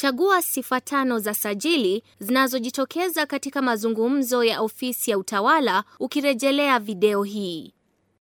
Chagua sifa tano za sajili zinazojitokeza katika mazungumzo ya ofisi ya utawala ukirejelea video hii.